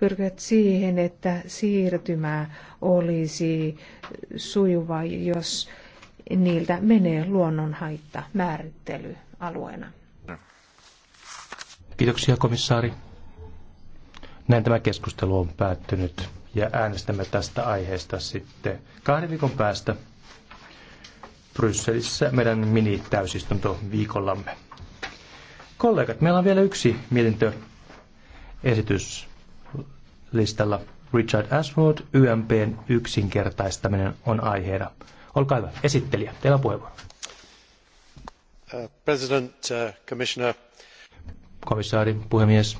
pyrkivät siihen, että siirtymä olisi sujuva, jos niiltä menee luonnonhaitta määrittelyalueena. Kiitoksia komissaari. Näin tämä keskustelu on päättynyt ja äänestämme tästä aiheesta sitten kahden viikon päästä Brysselissä meidän mini-täysistunto viikollamme. Kollegat, meillä on vielä yksi mietintö esityslistalla Richard Ashford, YMPn yksinkertaistaminen on aiheena. Olkaa hyvä, esittelijä, teillä on puheenvuoro. Uh, President, uh, Commissioner. Komissaari, puhemies.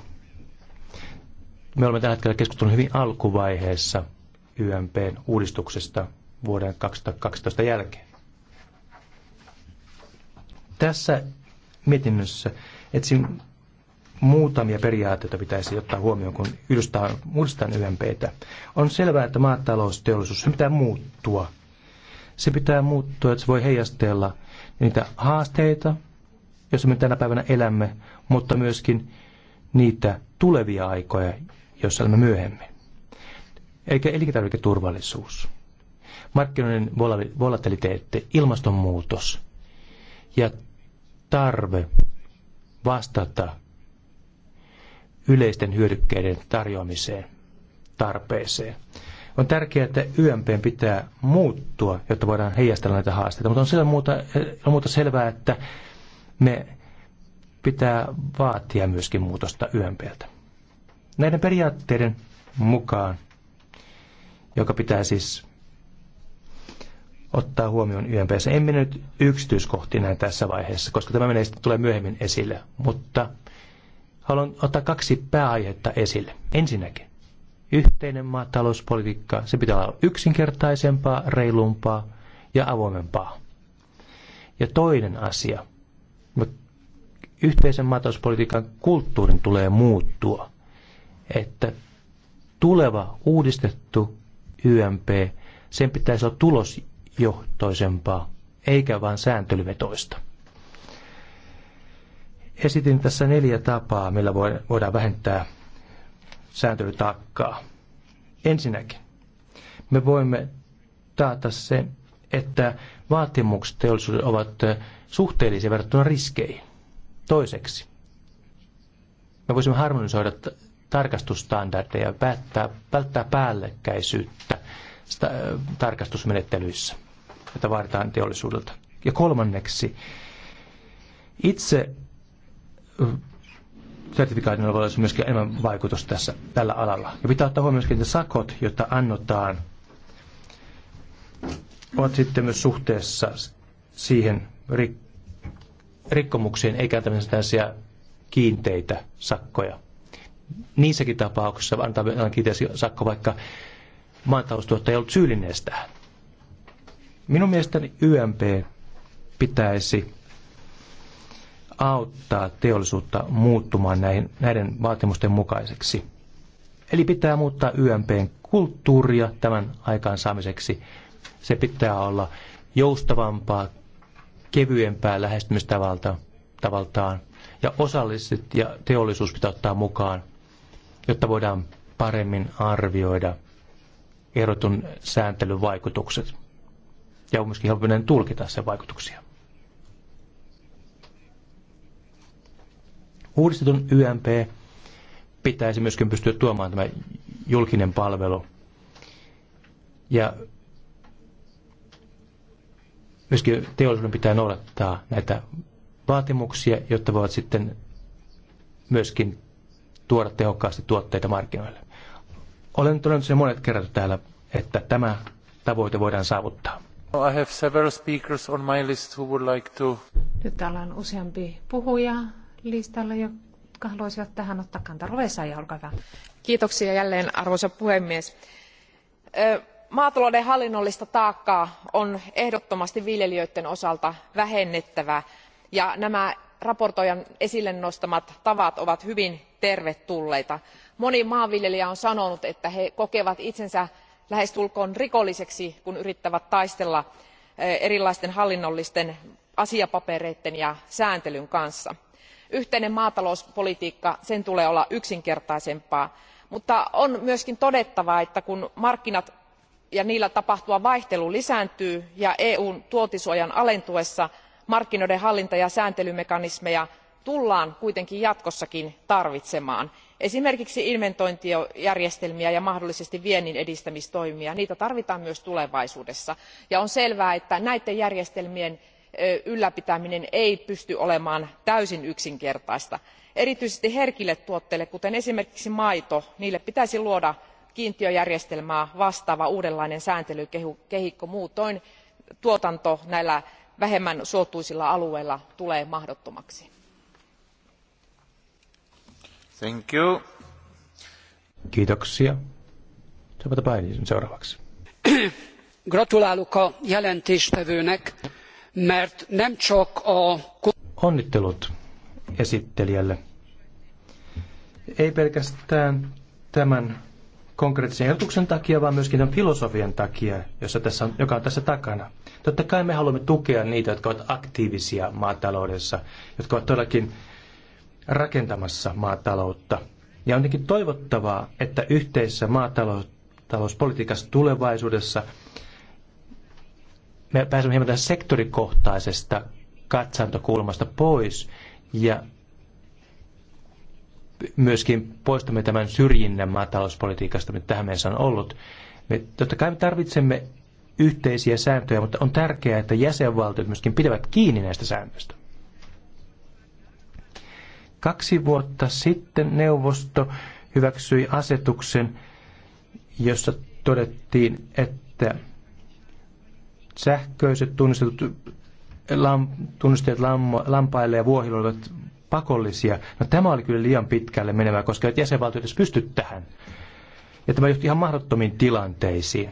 Me olemme tällä hetkellä keskustelun hyvin alkuvaiheessa YMPn uudistuksesta vuoden 2012 jälkeen. Tässä mietinnössä etsin muutamia periaatteita pitäisi ottaa huomioon, kun uudistetaan YMPtä. On selvää, että maatalousteollisuus se pitää muuttua. Se pitää muuttua, että se voi heijastella niitä haasteita, joissa me tänä päivänä elämme, mutta myöskin niitä tulevia aikoja, joissa elämme myöhemmin. Eli elintarviketurvallisuus, markkinoiden volatiliteetti, ilmastonmuutos ja tarve vastata yleisten hyödykkeiden tarjoamiseen tarpeeseen. On tärkeää, että YMP pitää muuttua, jotta voidaan heijastella näitä haasteita, mutta on sillä muuta, muuta selvää, että me pitää vaatia myöskin muutosta YMPltä. Näiden periaatteiden mukaan, joka pitää siis ottaa huomioon YMPssä. En mene nyt yksityiskohtiin näin tässä vaiheessa, koska tämä menee sitten tulee myöhemmin esille, mutta haluan ottaa kaksi pääaihetta esille. Ensinnäkin, yhteinen maatalouspolitiikka, se pitää olla yksinkertaisempaa, reilumpaa ja avoimempaa. Ja toinen asia, yhteisen maatalouspolitiikan kulttuurin tulee muuttua, että tuleva uudistettu YMP, sen pitäisi olla tulosjohtoisempaa, eikä vain sääntelyvetoista. Esitin tässä neljä tapaa, millä voidaan vähentää sääntelytaakkaa. Ensinnäkin, me voimme taata sen, että vaatimukset teollisuudelle ovat suhteellisia verrattuna riskeihin. Toiseksi, me voisimme harmonisoida tarkastusstandardeja, päättää, välttää päällekkäisyyttä tarkastusmenettelyissä, jota vaaditaan teollisuudelta. Ja kolmanneksi, itse sertifikaatilla voi olla myöskin enemmän vaikutus tässä, tällä alalla. Ja pitää ottaa huomioon myöskin, että sakot, joita annotaan, ovat sitten myös suhteessa siihen rik- rikkomuksiin, eikä tämmöisiä kiinteitä sakkoja. Niissäkin tapauksissa antaa kiinteä sakko, vaikka maataloustuottaja ei ollut syyllinen sitä. Minun mielestäni YMP pitäisi auttaa teollisuutta muuttumaan näihin, näiden vaatimusten mukaiseksi. Eli pitää muuttaa YMPn kulttuuria tämän aikaansaamiseksi. Se pitää olla joustavampaa, kevyempää lähestymistavaltaan ja osalliset ja teollisuus pitää ottaa mukaan, jotta voidaan paremmin arvioida erotun sääntelyn vaikutukset ja on myöskin helpompi tulkita sen vaikutuksia. uudistetun YMP pitäisi myöskin pystyä tuomaan tämä julkinen palvelu. Ja myöskin teollisuuden pitää noudattaa näitä vaatimuksia, jotta voivat sitten myöskin tuoda tehokkaasti tuotteita markkinoille. Olen todennut sen monet kerrat täällä, että tämä tavoite voidaan saavuttaa. I have several speakers on my list who would like to... Nyt täällä on useampi puhuja listalle, jotka haluaisivat tähän ottaa kantaa. Rovesa, ja olkaa hyvä. Kiitoksia jälleen, arvoisa puhemies. Maatalouden hallinnollista taakkaa on ehdottomasti viljelijöiden osalta vähennettävä ja nämä raportoijan esille nostamat tavat ovat hyvin tervetulleita. moni maanviljelijä on sanonut että he kokevat itsensä lähestulkoon rikolliseksi kun yrittävät taistella erilaisten hallinnollisten asiapapereiden ja sääntelyn kanssa yhteisen maatalouspolitiikan tulee olla yksinkertaisempaa mutta on myös todettava että kun markkinat ja niillä tapahtuva vaihtelu lisääntyvät ja eu n tuontisuojan alentuessa markkinoiden hallinta ja sääntelymekanismeja tullaan kuitenkin jatkossakin tarvitsemaan. esimerkiksi inventointijärjestelmiä ja mahdollisesti vienninedistämistoimia tarvitaan myös tulevaisuudessa ja on selvää että näiden järjestelmien ylläpitäminen ei pysty olemaan täysin yksinkertaista. erityisesti herkille tuotteille kuten esimerkiksi maidolle pitäisi luoda kiintiöjärjestelmää vastaava uudenlainen sääntelykehikko muutoin tuotanto näillä vähemmän suotuisilla alueilla tulee mahdottomaksi. Kiitoksia. Seuraavaksi. gratulálok a jelentéstevőnek mert nem csak a... Onnittelut esittelijälle. Ei pelkästään tämän konkreettisen ehdotuksen takia, vaan myöskin tämän filosofian takia, jossa tässä on, joka on tässä takana. Totta kai me haluamme tukea niitä, jotka ovat aktiivisia maataloudessa, jotka ovat todellakin rakentamassa maataloutta. Ja on toivottavaa, että yhteisessä maatalouspolitiikassa tulevaisuudessa me pääsemme hieman tästä sektorikohtaisesta katsantokulmasta pois ja myöskin poistamme tämän syrjinnän maatalouspolitiikasta, mitä tähän mennessä on ollut. Me totta kai me tarvitsemme yhteisiä sääntöjä, mutta on tärkeää, että jäsenvaltiot myöskin pitävät kiinni näistä säännöistä. Kaksi vuotta sitten neuvosto hyväksyi asetuksen, jossa todettiin, että sähköiset tunnistetut lam, tunnisteet lampaille ja vuohille olivat pakollisia. No tämä oli kyllä liian pitkälle menevää, koska et jäsenvaltiot edes pysty tähän. Ja tämä johti ihan mahdottomiin tilanteisiin.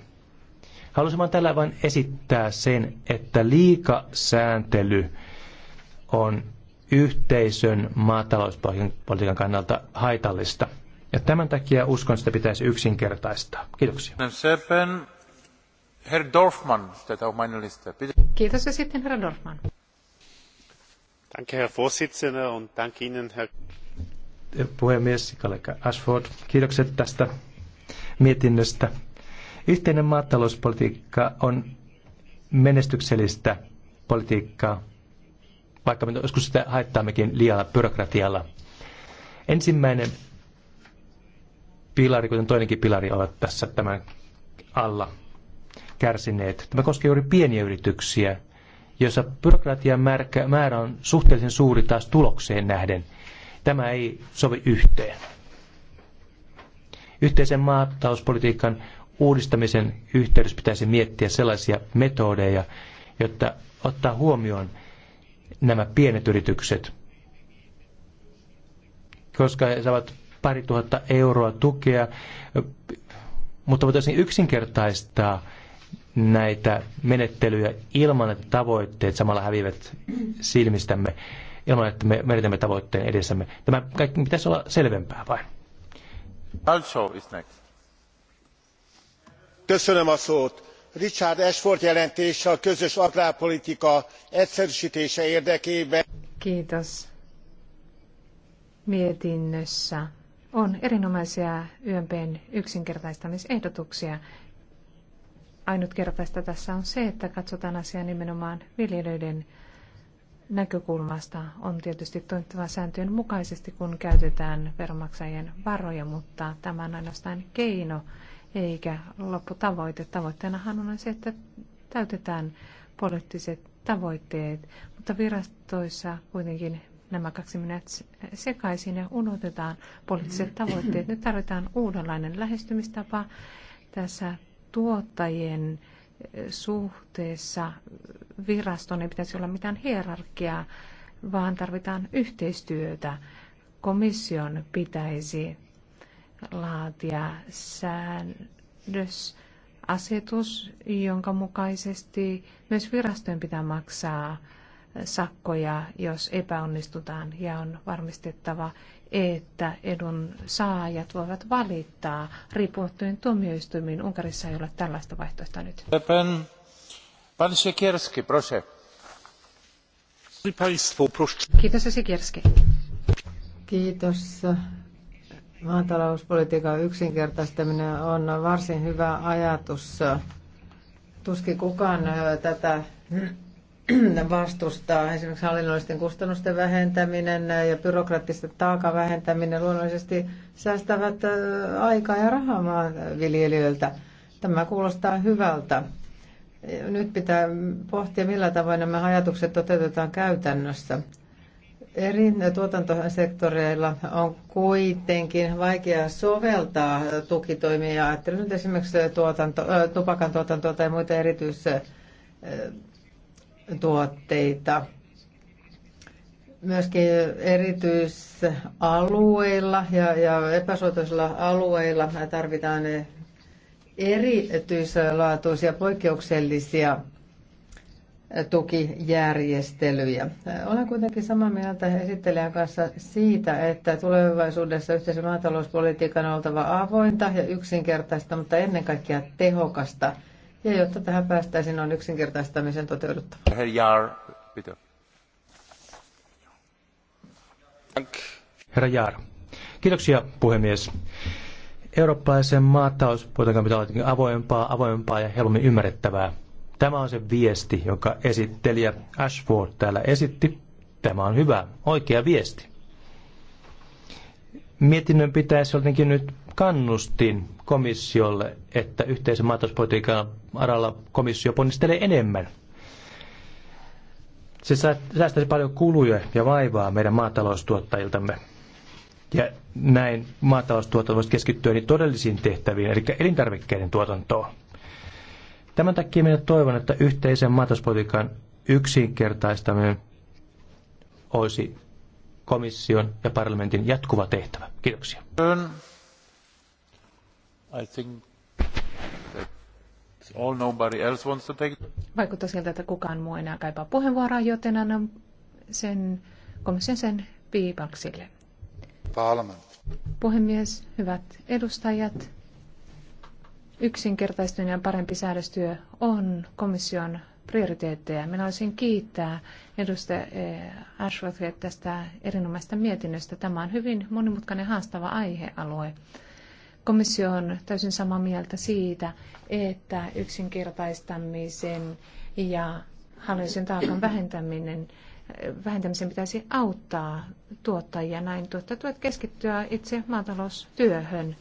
Haluaisin vain tällä vain esittää sen, että liikasääntely on yhteisön maatalouspolitiikan kannalta haitallista. Ja tämän takia uskon, että sitä pitäisi yksinkertaistaa. Kiitoksia. Herr Dorfman steht auf meiner Liste. Bitte. Kiitos ja sitten herra Dorfman. Danke, Herr Vorsitzender, und danke Ihnen, Herr... Puhemies, kollega Ashford, kiitokset tästä mietinnöstä. Yhteinen maatalouspolitiikka on menestyksellistä politiikkaa, vaikka me joskus sitä haittaammekin liialla byrokratialla. Ensimmäinen pilari, kuten toinenkin pilari, ovat tässä tämän alla kärsineet. Tämä koskee juuri pieniä yrityksiä, joissa byrokratian määrä on suhteellisen suuri taas tulokseen nähden. Tämä ei sovi yhteen. Yhteisen maatalouspolitiikan uudistamisen yhteydessä pitäisi miettiä sellaisia metodeja, jotta ottaa huomioon nämä pienet yritykset, koska he saavat pari tuhatta euroa tukea, mutta voitaisiin yksinkertaistaa näitä menettelyjä ilman, että tavoitteet samalla häviävät silmistämme, ilman, että me menetämme tavoitteen edessämme. Tämä kaikki pitäisi olla selvempää vai? Also is next. Köszönöm a szót. Richard Ashford jelentése a közös agrárpolitika egyszerűsítése érdekében. Kiitos. Mietinnössä on erinomaisia YMPn yksinkertaistamisehdotuksia, ainutkertaista tässä on se, että katsotaan asiaa nimenomaan viljelijöiden näkökulmasta. On tietysti toimittava sääntöjen mukaisesti, kun käytetään veronmaksajien varoja, mutta tämä on ainoastaan keino eikä lopputavoite. Tavoitteenahan on se, että täytetään poliittiset tavoitteet, mutta virastoissa kuitenkin nämä kaksi menevät sekaisin ja unohdetaan poliittiset tavoitteet. Nyt tarvitaan uudenlainen lähestymistapa. Tässä tuottajien eh, suhteessa viraston ei pitäisi olla mitään hierarkiaa, vaan tarvitaan yhteistyötä. Komission pitäisi laatia säännös, jonka mukaisesti myös virastojen pitää maksaa sakkoja, jos epäonnistutaan, ja on varmistettava, että edun saajat voivat valittaa riippumattomiin tuomioistuimiin. Unkarissa ei ole tällaista vaihtoehtoa nyt. Pan Siekierski, proszę. Kiitos, Siekierski. Kiitos. Maatalouspolitiikan yksinkertaistaminen on varsin hyvä ajatus. Tuskin kukaan tätä vastustaa. Esimerkiksi hallinnollisten kustannusten vähentäminen ja byrokraattisten taakan vähentäminen luonnollisesti säästävät aikaa ja rahaa maanviljelijöiltä. Tämä kuulostaa hyvältä. Nyt pitää pohtia, millä tavoin nämä ajatukset toteutetaan käytännössä. Eri tuotantosektoreilla on kuitenkin vaikea soveltaa tukitoimia. Ajattelen nyt esimerkiksi tuotanto, tupakan tuotantoa tai muita erityisiä tuotteita. Myöskin erityisalueilla ja, ja epäsuotuisilla alueilla tarvitaan erityislaatuisia poikkeuksellisia tukijärjestelyjä. Olen kuitenkin samaa mieltä esittelijän kanssa siitä, että tulevaisuudessa yhteisen maatalouspolitiikan on oltava avointa ja yksinkertaista, mutta ennen kaikkea tehokasta – ja jotta tähän päästäisiin, on yksinkertaistamisen toteuduttava. Herr Jaar, bitte. Herra Jaar. Kiitoksia puhemies. Eurooppalaisen voidaan pitää olla avoimempaa, avoimempaa ja helpommin ymmärrettävää. Tämä on se viesti, jonka esittelijä Ashford täällä esitti. Tämä on hyvä, oikea viesti. Mietinnön pitäisi jotenkin nyt kannustin komissiolle, että yhteisen maatalouspolitiikan aralla komissio ponnistelee enemmän. Se säästäisi paljon kuluja ja vaivaa meidän maataloustuottajiltamme. Ja näin maataloustuotanto voisi keskittyä niin todellisiin tehtäviin, eli elintarvikkeiden tuotantoon. Tämän takia minä toivon, että yhteisen maatalouspolitiikan yksinkertaistaminen olisi komission ja parlamentin jatkuva tehtävä. Kiitoksia. Vaikuttaa siltä, että kukaan muu enää kaipaa puheenvuoroa, joten annan sen komission sen piipaksille. Parliament. Puhemies, hyvät edustajat, yksinkertaistuminen ja parempi säädöstyö on komission prioriteetteja. Minä olisin kiittää edustaja eh, Ashworthia tästä erinomaisesta mietinnöstä. Tämä on hyvin monimutkainen haastava aihealue. Komissio on täysin samaa mieltä siitä, että yksinkertaistamisen ja hallinnollisen taakan vähentäminen vähentämisen pitäisi auttaa tuottajia näin tuottajat keskittyä itse maataloustyöhön.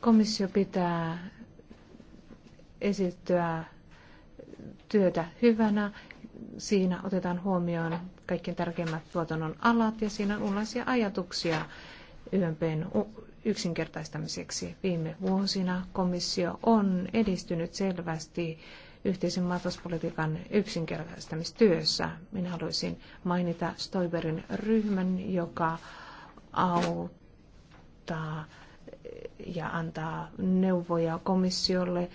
Komissio pitää esittyä työtä hyvänä. Siinä otetaan huomioon kaikkien tärkeimmät tuotannon alat ja siinä on uudenlaisia ajatuksia YMPn yksinkertaistamiseksi. Viime vuosina komissio on edistynyt selvästi yhteisen maatalouspolitiikan yksinkertaistamistyössä. Minä haluaisin mainita Stoiberin ryhmän, joka auttaa ja antaa neuvoja komissiolle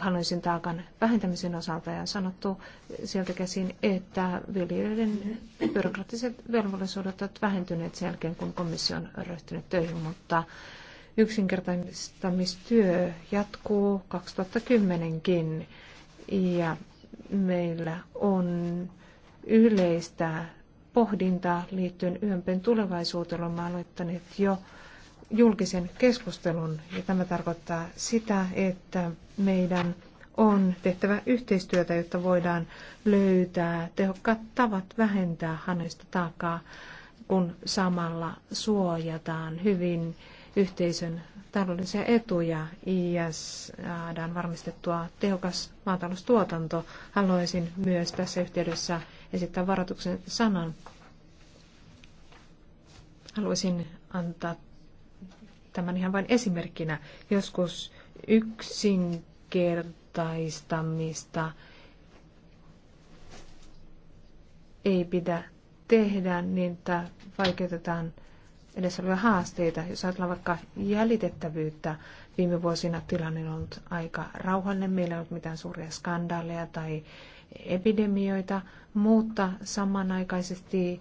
hallinnollisen taakan vähentämisen osalta ja sanottu sieltä käsin, että viljelijöiden byrokraattiset velvollisuudet ovat vähentyneet sen jälkeen, kun komissio on ryhtynyt töihin, mutta yksinkertaistamistyö jatkuu 2010kin ja meillä on yleistä pohdintaa liittyen YMPn tulevaisuuteen. Olemme aloittaneet jo julkisen keskustelun ja tämä tarkoittaa sitä, että meidän on tehtävä yhteistyötä, jotta voidaan löytää tehokkaat tavat vähentää hänestä taakkaa, kun samalla suojataan hyvin yhteisön taloudellisia etuja ja saadaan varmistettua tehokas maataloustuotanto. Haluaisin myös tässä yhteydessä esittää varoituksen sanan. Haluaisin antaa tämän ihan vain esimerkkinä. Joskus yksinkertaistamista ei pidä tehdä, niin että vaikeutetaan edessä olevia haasteita. Jos ajatellaan vaikka jäljitettävyyttä, viime vuosina tilanne on ollut aika rauhallinen. Meillä ei ollut mitään suuria skandaaleja tai epidemioita, mutta samanaikaisesti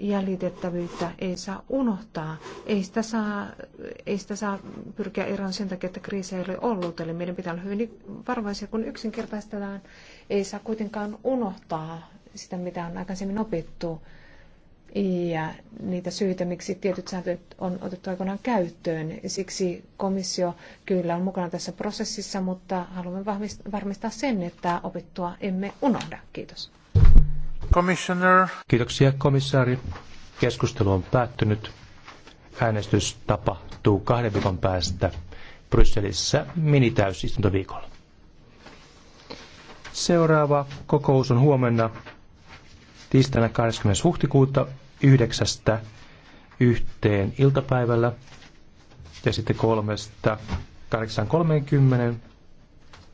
jäljitettävyyttä ei saa unohtaa. Ei sitä saa, ei sitä saa pyrkiä eroon sen takia, että kriisejä ei ole ollut. Eli meidän pitää olla hyvin varovaisia, kun yksinkertaistetaan. Ei saa kuitenkaan unohtaa sitä, mitä on aikaisemmin opittu ja niitä syitä, miksi tietyt sääntöt on otettu aikoinaan käyttöön. Siksi komissio kyllä on mukana tässä prosessissa, mutta haluamme varmistaa sen, että opittua emme unohda. Kiitos. Commissioner. Kiitoksia komissaari. Keskustelu on päättynyt. Äänestys tapahtuu kahden viikon päästä Brysselissä minitäysistuntoviikolla. Seuraava kokous on huomenna tiistaina 20. huhtikuuta yhdeksästä yhteen iltapäivällä ja sitten kolmesta 8.30